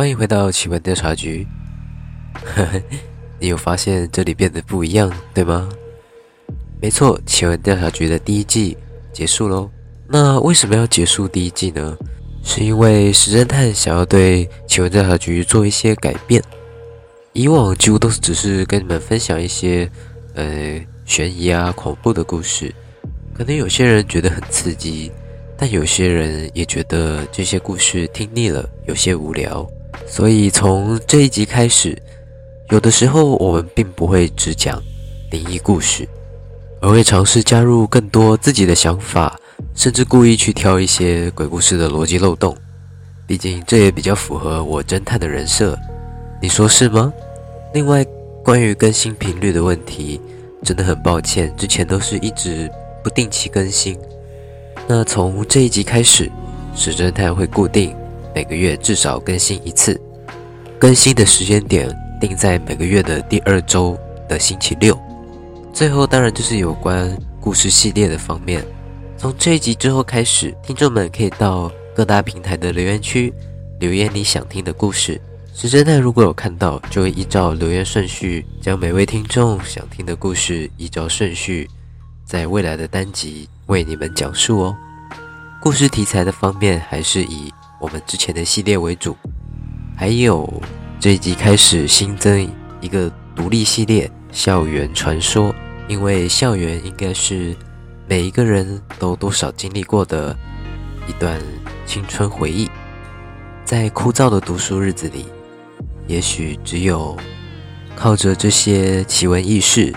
歡迎回到奇聞調查局， 你有發現這裡變得不一樣，對嗎？沒錯，奇聞調查局的第一季結束嘍。那為什麼要結束第一季呢？是因為石偵探想要對奇聞調查局做一些改變。以往幾乎都是只是跟你們分享一些呃懸疑啊、恐怖的故事，可能有些人覺得很刺激，但有些人也覺得這些故事聽膩了，有些無聊。所以從這一集開始，有的時候我們並不會只講靈異故事，而會嘗試加入更多自己的想法，甚至故意去挑一些鬼故事的邏輯漏洞。畢竟這也比較符合石偵探的人設，你說是嗎？另外，關於更新頻率的問題，真的很抱歉，之前都是一直不定期更新。那從這一集開始，石偵探會固定。每個月至少更新一次，更新的時間點定在每個月的第二周的星期六。最後，當然就是有關故事系列的方面。從這一集之後開始，聽眾們可以到各大平台的留言區留言你想聽的故事。石偵探如果有看到，就會依照留言順序，將每位聽眾想聽的故事依照順序，在未來的單集為你們講述哦。故事題材的方面，還是以。我們之前的系列為主，還有這一集開始新增一個獨立系列《校園傳說》，因為校園應該是每一個人都多少經歷過的一段青春回憶，在枯燥的讀書日子裡，也許只有靠着這些奇聞異事，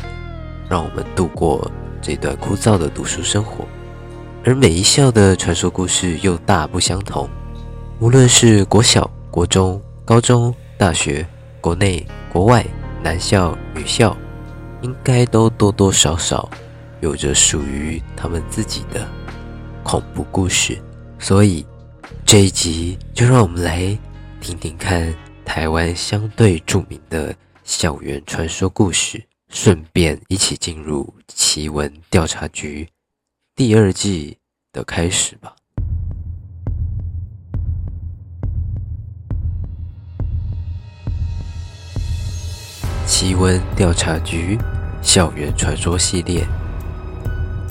讓我們度過這段枯燥的讀書生活，而每一校的傳說故事又大不相同。無論是國小、國中、高中、大學，國內、國外、男校、女校，應該都多多少少有着屬於他們自己的恐怖故事。所以，這一集就讓我們來聽聽看台灣相對著名的校園傳說故事，順便一起進入奇聞調查局第二季的開始吧。奇聞調查局校園傳說系列：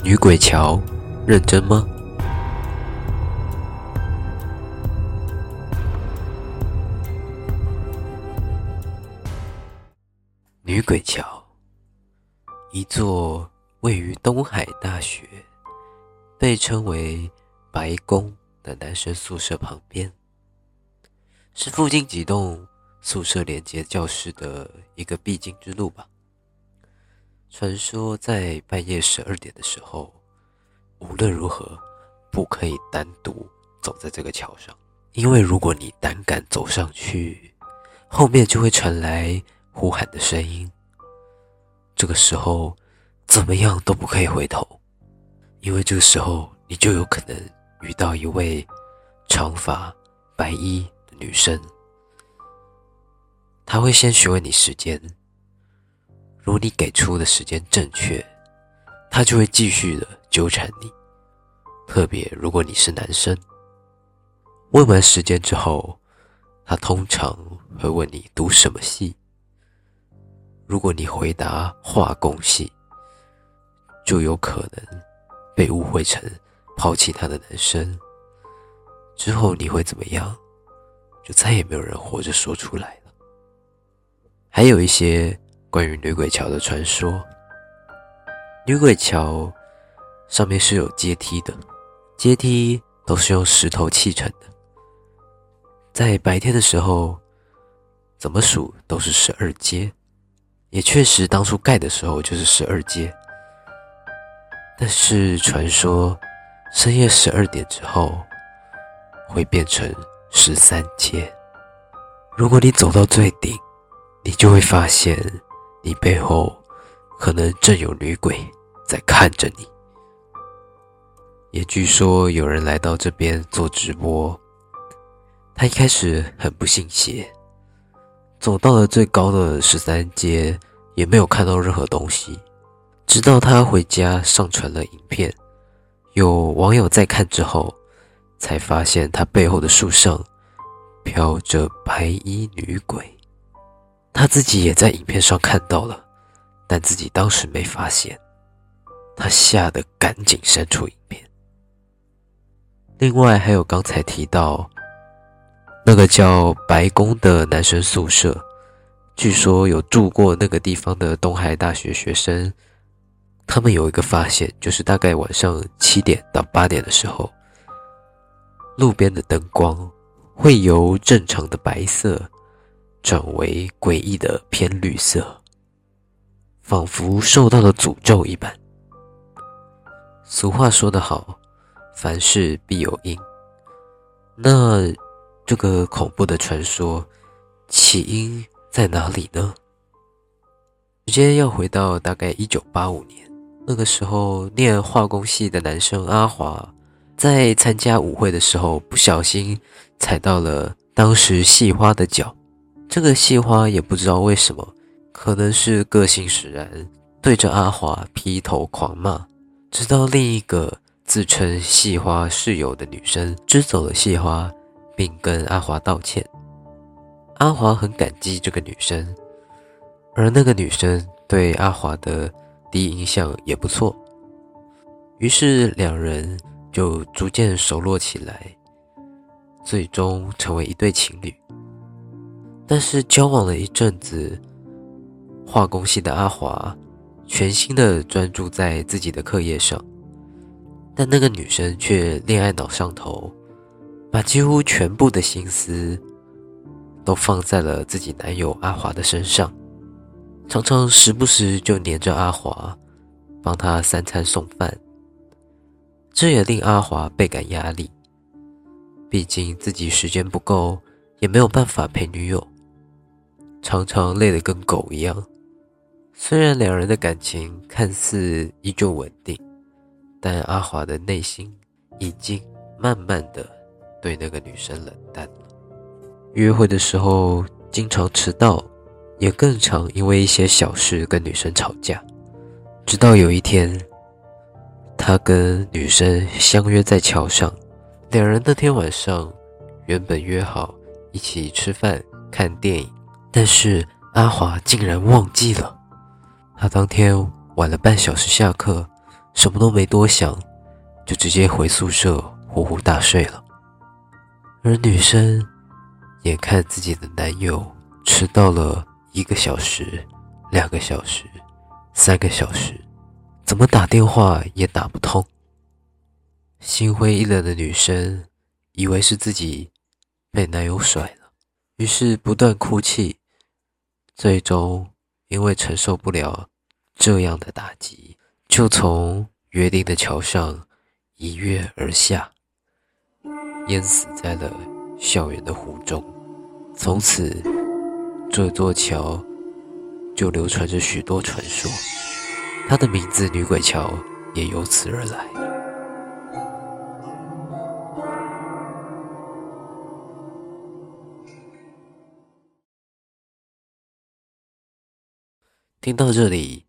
女鬼橋，認真嗎？女鬼橋，一座位於東海大學，被稱為“白宮”的男生宿舍旁邊，是附近幾棟。宿舍連接教室的一個必經之路吧。傳說在半夜十二點的時候，無論如何，不可以單獨走在這個橋上，因為如果你膽敢走上去，後面就會傳來呼喊的聲音。這個時候，怎麼樣都不可以回頭，因為這個時候你就有可能遇到一位長髮白衣的女生。他會先詢問你時間，如果你給出的時間正確，他就會繼續的糾纏你，特別如果你是男生。問完時間之後，他通常會問你讀什麼系。如果你回答化工系，就有可能被誤會成拋棄他的男生。之後你會怎麼樣？就再也沒有人活着說出來。還有一些關於女鬼橋的傳說。女鬼橋上面是有階梯的，階梯都是用石頭砌成的。在白天的時候，怎麼數都是十二階，也確實當初蓋的時候就是十二階。但是傳說，深夜十二點之後，會變成十三階。如果你走到最頂，你就會發現，你背後可能正有女鬼在看着你。也據說有人來到這邊做直播，他一開始很不信邪，走到了最高的十三階，也沒有看到任何東西。直到他回家上傳了影片，有網友在看之後，才發現他背後的樹上飄着白衣女鬼。他自己也在影片上看到了，但自己當時沒發現，他嚇得趕緊刪除影片。另外，還有剛才提到那個叫“白宮”的男生宿舍，據說有住過那個地方的東海大學學生，他們有一個發現，就是大概晚上七點到八點的時候，路邊的燈光會由正常的白色，轉為詭異的偏綠色，仿佛受到了詛咒一般。俗話說得好，凡事必有因。那這個恐怖的傳說起因在哪裡呢？直接要回到大概一九八五年，那個時候念化工系的男生阿華，在參加舞會的時候，不小心踩到了當時系花的腳。這個系花也不知道為什麼，可能是個性使然，對着阿華劈頭狂罵，直到另一個自稱系花室友的女生支走了系花，並跟阿華道歉。阿華很感激這個女生，而那個女生對阿華的第一印象也不錯，於是兩人就逐漸熟絡起來，最終成為一對情侶。但是交往了一陣子，化工系的阿華全心的專注在自己的課業上，但那個女生卻戀愛腦上頭，把幾乎全部的心思都放在了自己男友阿華的身上，常常時不時就黏着阿華，幫他三餐送飯，這也令阿華倍感壓力，畢竟自己時間不夠，也沒有辦法陪女友。常常累得跟狗一樣，雖然兩人的感情看似依舊穩定，但阿華的內心已經慢慢的對那個女生冷淡了。約會的時候經常遲到，也更常因為一些小事跟女生吵架。直到有一天，他跟女生相約在橋上，兩人那天晚上原本約好一起吃飯、看電影。但是阿華竟然忘記了，他當天晚了半小時下課，什麼都沒多想，就直接回宿舍呼呼大睡了。而女生眼看自己的男友遲到了一個小時、兩個小時、三個小時，怎麼打電話也打不通，心灰意冷的女生以為是自己被男友甩了，於是不斷哭泣。最終，因為承受不了這樣的打擊，就從約定的橋上一躍而下，淹死在了校園的湖中。從此，這座橋就流傳着許多傳說，它的名字“女鬼橋”也由此而來。聽到這裡，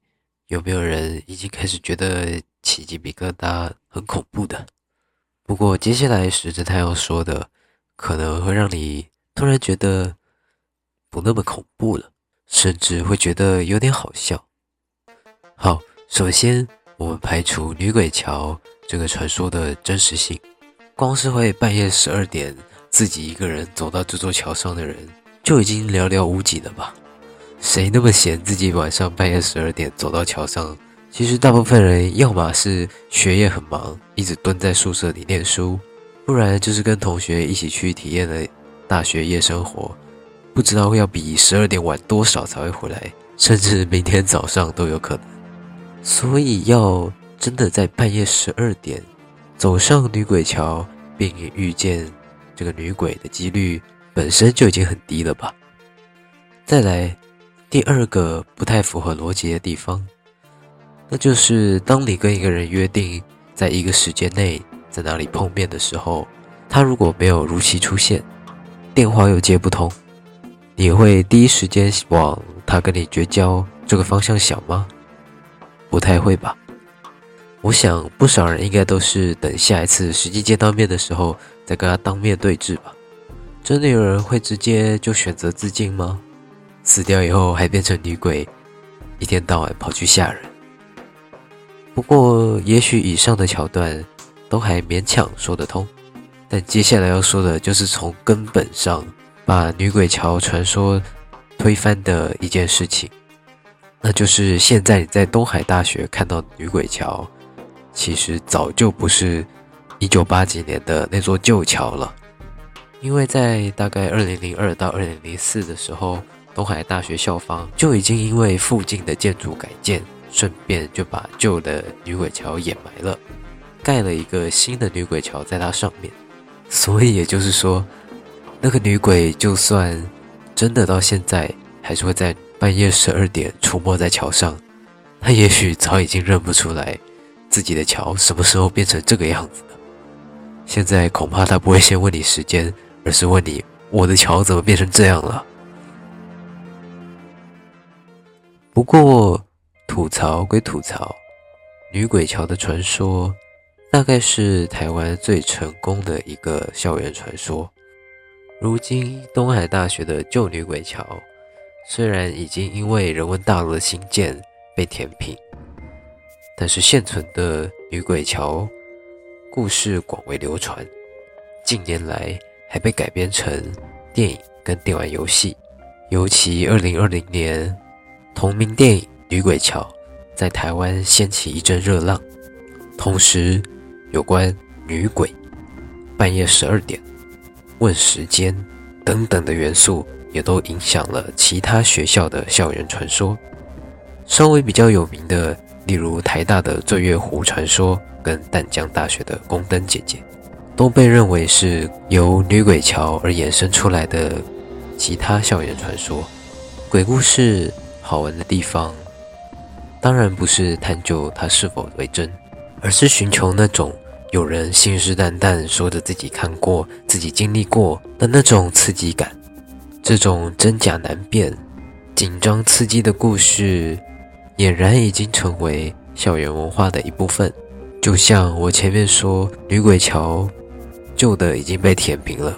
有沒有人已經開始覺得起雞皮疙瘩很恐怖的？不過接下來石偵探要說的，可能會讓你突然覺得不那麼恐怖了，甚至會覺得有點好笑。好，首先我們排除女鬼橋這個傳說的真實性，光是會半夜十二點自己一個人走到這座橋上的人，就已經寥寥無幾了吧。誰那麼閒？自己晚上半夜十二點走到橋上，其實大部分人要麼是學業很忙，一直蹲在宿舍裡念書，不然就是跟同學一起去體驗了大學夜生活，不知道要比十二點晚多少才會回來，甚至明天早上都有可能。所以，要真的在半夜十二點走上女鬼橋並遇見這個女鬼的幾率，本身就已經很低了吧？再來。第二個不太符合邏輯的地方，那就是當你跟一個人約定在一個時間內在哪裡碰面的時候，他如果沒有如期出現，電話又接不通，你會第一時間往他跟你絕交這個方向想嗎？不太會吧。我想，不少人應該都是等下一次實際見到面的時候再跟他當面對質吧。真的有人會直接就選擇自盡嗎？死掉以後還變成女鬼，一天到晚跑去嚇人。不過，也許以上的橋段都還勉強說得通，但接下來要說的就是從根本上把女鬼橋傳說推翻的一件事情，那就是現在你在東海大學看到女鬼橋，其實早就不是一九八幾年的那座舊橋了，因為在大概二零零二到二零零四的時候，東海大學校方就已經因為附近的建築改建，順便就把舊的女鬼橋掩埋了，蓋了一個新的女鬼橋在它上面。所以也就是說，那個女鬼就算真的到現在還是會在半夜十二點出沒在橋上，她也許早已經認不出來自己的橋什麼時候變成這個樣子了。現在恐怕她不會先問你時間，而是問你：“我的橋怎麼變成這樣了？”不過，吐槽歸吐槽，女鬼橋的傳說大概是台灣最成功的一個校園傳說。如今，東海大學的舊女鬼橋雖然已經因為人文大樓的興建被填平，但是現存的女鬼橋故事廣為流傳，近年來還被改編成電影跟電玩遊戲，尤其二零二零年，同名電影《女鬼橋》在台灣掀起一陣熱浪，同時有關女鬼、半夜十二點、問時間等等的元素，也都影響了其他學校的校園傳說。稍微比較有名的，例如台大的醉月湖傳說跟淡江大學的宮燈姐姐，都被認為是由《女鬼橋》而衍生出來的其他校園傳說、鬼故事。好玩的地方，當然不是探究它是否為真，而是尋求那種有人信誓旦旦說着自己看過、自己經歷過的那種刺激感。這種真假難辨、緊張刺激的故事，儼然已經成為校園文化的一部分。就像我前面說，女鬼橋舊的已經被填平了，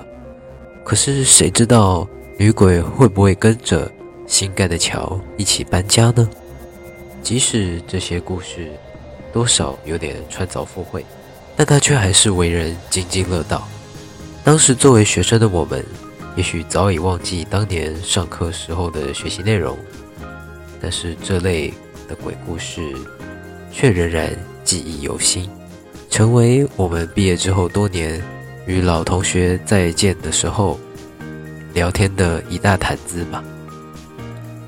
可是誰知道女鬼會不會跟着？新蓋的橋，一起搬家呢？即使這些故事多少有點穿鑿附會，但它卻還是為人津津樂道。當時作為學生的我們，也許早已忘記當年上課時候的學習內容，但是這類的鬼故事卻仍然記憶猶新，成為我們畢業之後多年與老同學再見的時候聊天的一大談資吧。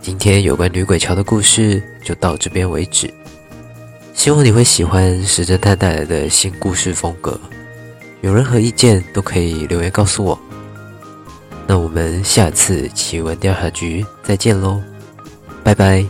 今天有關女鬼橋的故事就到這邊為止，希望你會喜歡石偵探帶來的新故事風格。有任何意見都可以留言告訴我。那我們下次奇聞調查局再見嘍，拜拜。